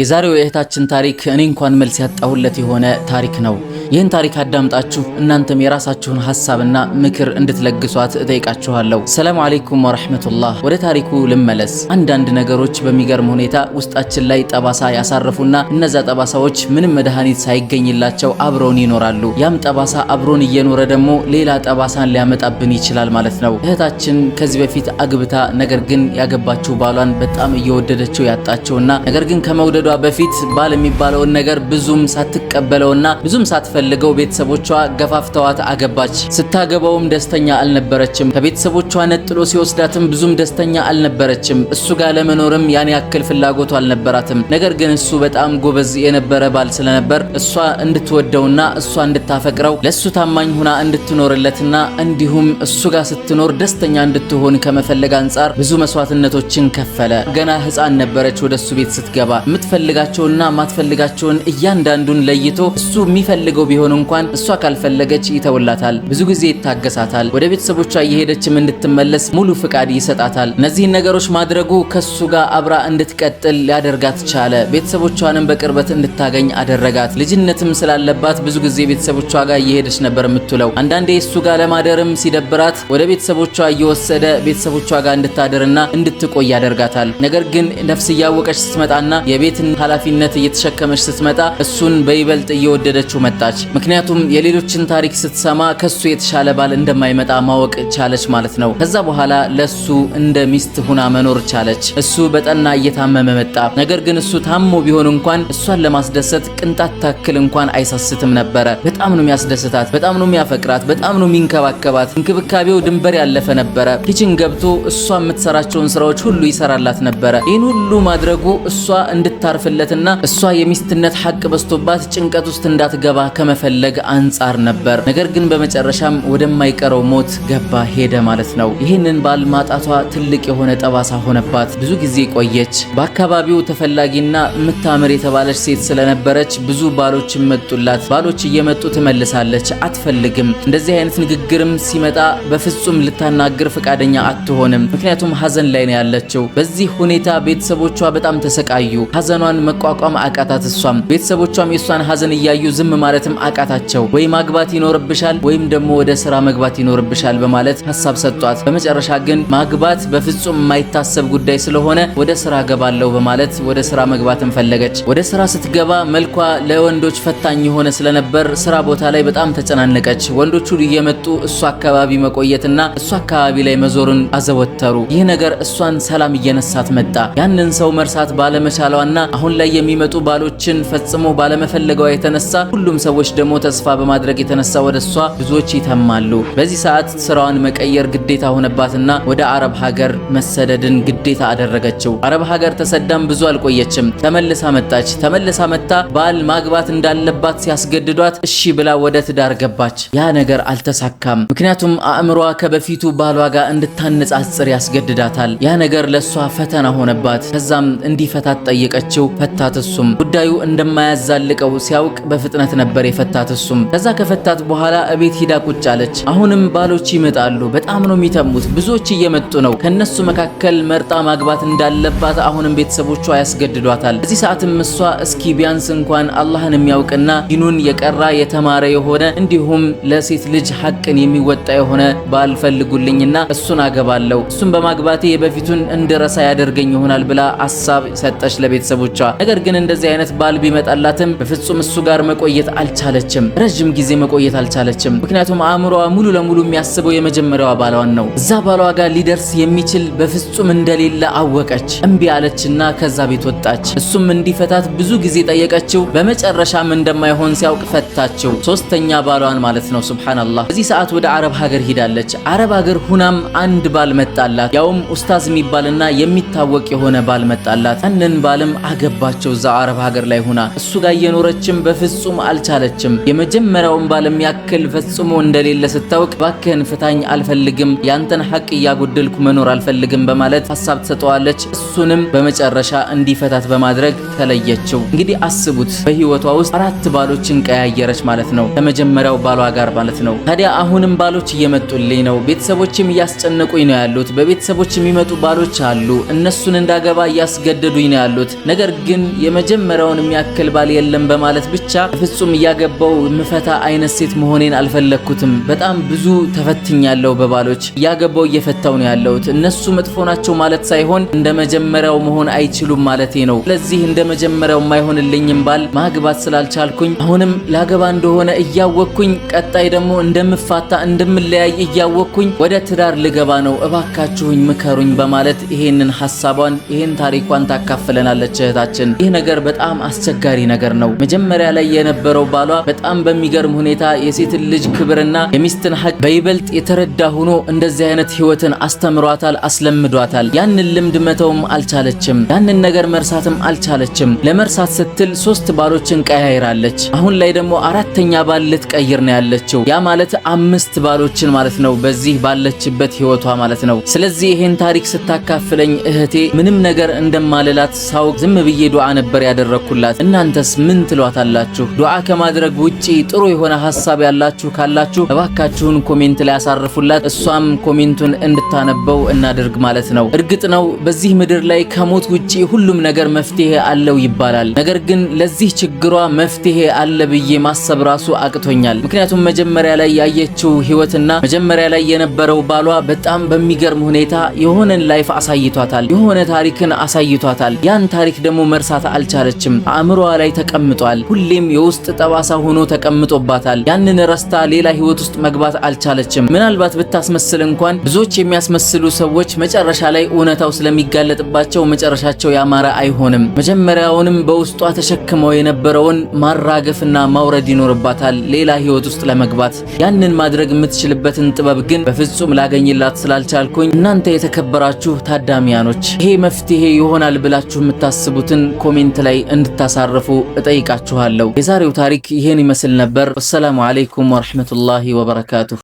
የዛሬው የእህታችን ታሪክ እኔ እንኳን መልስ ያጣሁለት የሆነ ታሪክ ነው። ይህን ታሪክ አዳምጣችሁ እናንተም የራሳችሁን ሐሳብና ምክር እንድትለግሷት እጠይቃችኋለሁ። ሰላም አለይኩም ወረሕመቱላህ። ወደ ታሪኩ ልመለስ። አንዳንድ ነገሮች በሚገርም ሁኔታ ውስጣችን ላይ ጠባሳ ያሳረፉና እነዛ ጠባሳዎች ምንም መድኃኒት ሳይገኝላቸው አብረውን ይኖራሉ። ያም ጠባሳ አብሮን እየኖረ ደግሞ ሌላ ጠባሳን ሊያመጣብን ይችላል ማለት ነው። እህታችን ከዚህ በፊት አግብታ ነገር ግን ያገባችው ባሏን በጣም እየወደደችው ያጣችውና ነገር ግን ከመውደ ከመወለዷ በፊት ባል የሚባለውን ነገር ብዙም ሳትቀበለውና ብዙም ሳትፈልገው ቤተሰቦቿ ገፋፍተዋት አገባች። ስታገባውም ደስተኛ አልነበረችም። ከቤተሰቦቿ ነጥሎ ሲወስዳትም ብዙም ደስተኛ አልነበረችም። እሱ ጋር ለመኖርም ያን ያክል ፍላጎቱ አልነበራትም። ነገር ግን እሱ በጣም ጎበዝ የነበረ ባል ስለነበር እሷ እንድትወደውና እሷ እንድታፈቅረው ለሱ ታማኝ ሁና እንድትኖርለትና እንዲሁም እሱ ጋር ስትኖር ደስተኛ እንድትሆን ከመፈለግ አንጻር ብዙ መስዋዕትነቶችን ከፈለ። ገና ሕፃን ነበረች ወደ እሱ ቤት ስትገባ የምትፈልጋቸውና ማትፈልጋቸውን እያንዳንዱን ለይቶ እሱ የሚፈልገው ቢሆን እንኳን እሷ ካልፈለገች ይተውላታል። ብዙ ጊዜ ይታገሳታል። ወደ ቤተሰቦቿ እየሄደችም እንድትመለስ ሙሉ ፍቃድ ይሰጣታል። እነዚህን ነገሮች ማድረጉ ከሱ ጋር አብራ እንድትቀጥል ሊያደርጋት ቻለ። ቤተሰቦቿንም በቅርበት እንድታገኝ አደረጋት። ልጅነትም ስላለባት ብዙ ጊዜ ቤተሰቦቿ ጋር እየሄደች ነበር የምትውለው። አንዳንዴ እሱ ጋር ለማደርም ሲደብራት ወደ ቤተሰቦቿ እየወሰደ ቤተሰቦቿ ጋር እንድታደርና እንድትቆይ ያደርጋታል። ነገር ግን ነፍስ እያወቀች ስትመጣና የቤት ኃላፊነትን ኃላፊነት እየተሸከመች ስትመጣ እሱን በይበልጥ እየወደደችው መጣች። ምክንያቱም የሌሎችን ታሪክ ስትሰማ ከሱ የተሻለ ባል እንደማይመጣ ማወቅ ቻለች ማለት ነው። ከዛ በኋላ ለሱ እንደ ሚስት ሁና መኖር ቻለች። እሱ በጠና እየታመመ መጣ። ነገር ግን እሱ ታሞ ቢሆን እንኳን እሷን ለማስደሰት ቅንጣት ታክል እንኳን አይሳስትም ነበረ። በጣም ነው የሚያስደስታት፣ በጣም ነው የሚያፈቅራት፣ በጣም ነው የሚንከባከባት። እንክብካቤው ድንበር ያለፈ ነበረ። ኪችን ገብቶ እሷ የምትሰራቸውን ስራዎች ሁሉ ይሰራላት ነበረ። ይህን ሁሉ ማድረጉ እሷ እንድታ እንድታርፍለትና እሷ የሚስትነት ሐቅ በስቶባት ጭንቀት ውስጥ እንዳትገባ ከመፈለግ አንጻር ነበር። ነገር ግን በመጨረሻም ወደማይቀረው ሞት ገባ ሄደ ማለት ነው። ይህንን ባል ማጣቷ ትልቅ የሆነ ጠባሳ ሆነባት። ብዙ ጊዜ ቆየች። በአካባቢው ተፈላጊና ምታምር የተባለች ሴት ስለነበረች ብዙ ባሎች መጡላት። ባሎች እየመጡ ትመልሳለች፣ አትፈልግም። እንደዚህ አይነት ንግግርም ሲመጣ በፍጹም ልታናግር ፈቃደኛ አትሆንም። ምክንያቱም ሀዘን ላይ ነው ያለችው። በዚህ ሁኔታ ቤተሰቦቿ በጣም ተሰቃዩ። ሀዘኗ ሐዘኗን መቋቋም አቃታት። እሷም ቤተሰቦቿም የእሷን ሐዘን እያዩ ዝም ማለትም አቃታቸው። ወይ ማግባት ይኖርብሻል ወይም ደግሞ ወደ ስራ መግባት ይኖርብሻል በማለት ሀሳብ ሰጧት። በመጨረሻ ግን ማግባት በፍጹም የማይታሰብ ጉዳይ ስለሆነ ወደ ስራ ገባለሁ በማለት ወደ ስራ መግባትን ፈለገች። ወደ ስራ ስትገባ መልኳ ለወንዶች ፈታኝ የሆነ ስለነበር ስራ ቦታ ላይ በጣም ተጨናነቀች። ወንዶቹ እየመጡ እሷ አካባቢ መቆየትና እሷ አካባቢ ላይ መዞርን አዘወተሩ። ይህ ነገር እሷን ሰላም እየነሳት መጣ። ያንን ሰው መርሳት ባለመቻሏና አሁን ላይ የሚመጡ ባሎችን ፈጽሞ ባለመፈለገዋ የተነሳ ሁሉም ሰዎች ደግሞ ተስፋ በማድረግ የተነሳ ወደ እሷ ብዙዎች ይተማሉ። በዚህ ሰዓት ስራዋን መቀየር ግዴታ ሆነባትና ወደ አረብ ሀገር መሰደድን ግዴታ አደረገችው። አረብ ሀገር ተሰዳም ብዙ አልቆየችም። ተመልሳ መጣች። ተመልሳ መጣ ባል ማግባት እንዳለባት ሲያስገድዷት እሺ ብላ ወደ ትዳር ገባች። ያ ነገር አልተሳካም። ምክንያቱም አእምሯ ከበፊቱ ባሏ ጋር እንድታነጻጽር ያስገድዳታል። ያ ነገር ለእሷ ፈተና ሆነባት። ከዛም እንዲፈታት ጠየቀችው። አለችው። ፈታት እሱም ጉዳዩ እንደማያዛልቀው ሲያውቅ በፍጥነት ነበር የፈታት እሱም። ከዛ ከፈታት በኋላ እቤት ሂዳ ቁጭ አለች። አሁንም ባሎች ይመጣሉ፣ በጣም ነው የሚተሙት፣ ብዙዎች እየመጡ ነው። ከነሱ መካከል መርጣ ማግባት እንዳለባት አሁንም ቤተሰቦቿ ያስገድዷታል። በዚህ ሰዓትም እሷ እስኪ ቢያንስ እንኳን አላህን የሚያውቅና ዲኑን የቀራ የተማረ የሆነ እንዲሁም ለሴት ልጅ ሐቅን የሚወጣ የሆነ ባል ፈልጉልኝና እሱን አገባለሁ እሱን በማግባቴ የበፊቱን እንድረሳ ያደርገኝ ይሆናል ብላ ሀሳብ ሰጠች ለቤተሰቡ ቤተሰቦቿ። ነገር ግን እንደዚህ አይነት ባል ቢመጣላትም በፍጹም እሱ ጋር መቆየት አልቻለችም። ረዥም ጊዜ መቆየት አልቻለችም። ምክንያቱም አእምሯ ሙሉ ለሙሉ የሚያስበው የመጀመሪያዋ ባሏን ነው። እዛ ባሏ ጋር ሊደርስ የሚችል በፍጹም እንደሌለ አወቀች። እምቢ አለችና ከዛ ቤት ወጣች። እሱም እንዲፈታት ብዙ ጊዜ ጠየቀችው። በመጨረሻም እንደማይሆን ሲያውቅ ፈታችው። ሶስተኛ ባሏን ማለት ነው። ሱብሃንአላህ። በዚህ ሰዓት ወደ አረብ ሀገር ሂዳለች። አረብ ሀገር ሁናም አንድ ባል መጣላት። ያውም ኡስታዝ የሚባልና የሚታወቅ የሆነ ባል መጣላት። ያንን ባልም አገባቸው። እዛ አረብ ሀገር ላይ ሆና እሱ ጋር እየኖረችም በፍጹም አልቻለችም። የመጀመሪያውን ባለም ያክል ፈጽሞ እንደሌለ ስታውቅ ባክህን ፍታኝ፣ አልፈልግም፣ ያንተን ሐቅ እያጎደልኩ መኖር አልፈልግም በማለት ሀሳብ ትሰጠዋለች። እሱንም በመጨረሻ እንዲፈታት በማድረግ ተለየችው። እንግዲህ አስቡት በህይወቷ ውስጥ አራት ባሎችን ቀያየረች ማለት ነው፣ ከመጀመሪያው ባሏ ጋር ማለት ነው። ታዲያ አሁንም ባሎች እየመጡልኝ ነው፣ ቤተሰቦችም እያስጨነቁኝ ነው ያሉት፣ በቤተሰቦች የሚመጡ ባሎች አሉ፣ እነሱን እንዳገባ እያስገደዱኝ ነው ያሉት ነገር ግን የመጀመሪያውን የሚያክል ባል የለም በማለት ብቻ ፍጹም እያገባው ምፈታ አይነት ሴት መሆኔን አልፈለግኩትም። በጣም ብዙ ተፈትኛለሁ በባሎች እያገባው እየፈታው ነው ያለሁት። እነሱ መጥፎ ናቸው ማለት ሳይሆን እንደ መጀመሪያው መሆን አይችሉም ማለቴ ነው። ስለዚህ እንደ መጀመሪያው የማይሆንልኝም ባል ማግባት ስላልቻልኩኝ አሁንም ላገባ እንደሆነ እያወቅኩኝ ቀጣይ ደግሞ እንደምፋታ እንደምለያይ እያወቅኩኝ ወደ ትዳር ልገባ ነው። እባካችሁኝ ምከሩኝ በማለት ይሄንን ሀሳቧን ይሄን ታሪኳን ታካፍለናለች። እህታችን ይህ ነገር በጣም አስቸጋሪ ነገር ነው። መጀመሪያ ላይ የነበረው ባሏ በጣም በሚገርም ሁኔታ የሴትን ልጅ ክብርና የሚስትን ሀቅ በይበልጥ የተረዳ ሆኖ እንደዚህ አይነት ህይወትን አስተምሯታል፣ አስለምዷታል። ያንን ልምድ መተውም አልቻለችም። ያንን ነገር መርሳትም አልቻለችም። ለመርሳት ስትል ሶስት ባሎችን ቀያይራለች። አሁን ላይ ደግሞ አራተኛ ባል ልትቀይር ነው ያለችው። ያ ማለት አምስት ባሎችን ማለት ነው፣ በዚህ ባለችበት ህይወቷ ማለት ነው። ስለዚህ ይሄን ታሪክ ስታካፍለኝ እህቴ ምንም ነገር እንደማልላት ሳውቅ ዝም ብዬ ዱዓ ነበር ያደረግኩላት። እናንተስ ምን ትሏታላችሁ? ዱዓ ከማድረግ ውጪ ጥሩ የሆነ ሐሳብ ያላችሁ ካላችሁ እባካችሁን ኮሜንት ላይ አሳርፉላት እሷም ኮሜንቱን እንድታነበው እናድርግ ማለት ነው። እርግጥ ነው በዚህ ምድር ላይ ከሞት ውጪ ሁሉም ነገር መፍትሄ አለው ይባላል። ነገር ግን ለዚህ ችግሯ መፍትሄ አለ ብዬ ማሰብ ራሱ አቅቶኛል። ምክንያቱም መጀመሪያ ላይ ያየችው ህይወትና መጀመሪያ ላይ የነበረው ባሏ በጣም በሚገርም ሁኔታ የሆነን ላይፍ አሳይቷታል፣ የሆነ ታሪክን አሳይቷታል። ያን ታሪክ ደግሞ መርሳት አልቻለችም። አእምሮዋ ላይ ተቀምጧል። ሁሌም የውስጥ ጠባሳ ሆኖ ተቀምጦባታል። ያንን ረስታ ሌላ ህይወት ውስጥ መግባት አልቻለችም። ምናልባት ብታስመስል እንኳን ብዙዎች የሚያስመስሉ ሰዎች መጨረሻ ላይ እውነታው ስለሚጋለጥባቸው መጨረሻቸው ያማረ አይሆንም። መጀመሪያውንም በውስጧ ተሸክመው የነበረውን ማራገፍና ማውረድ ይኖርባታል ሌላ ህይወት ውስጥ ለመግባት። ያንን ማድረግ የምትችልበትን ጥበብ ግን በፍጹም ላገኝላት ስላልቻልኩኝ እናንተ የተከበራችሁ ታዳሚያኖች ይሄ መፍትሄ ይሆናል ብላችሁ የምታስቡ የምታውቁትን ኮሜንት ላይ እንድታሳርፉ እጠይቃችኋለሁ። የዛሬው ታሪክ ይህን ይመስል ነበር። አሰላሙ አለይኩም ወረህመቱላሂ ወበረካቱሁ።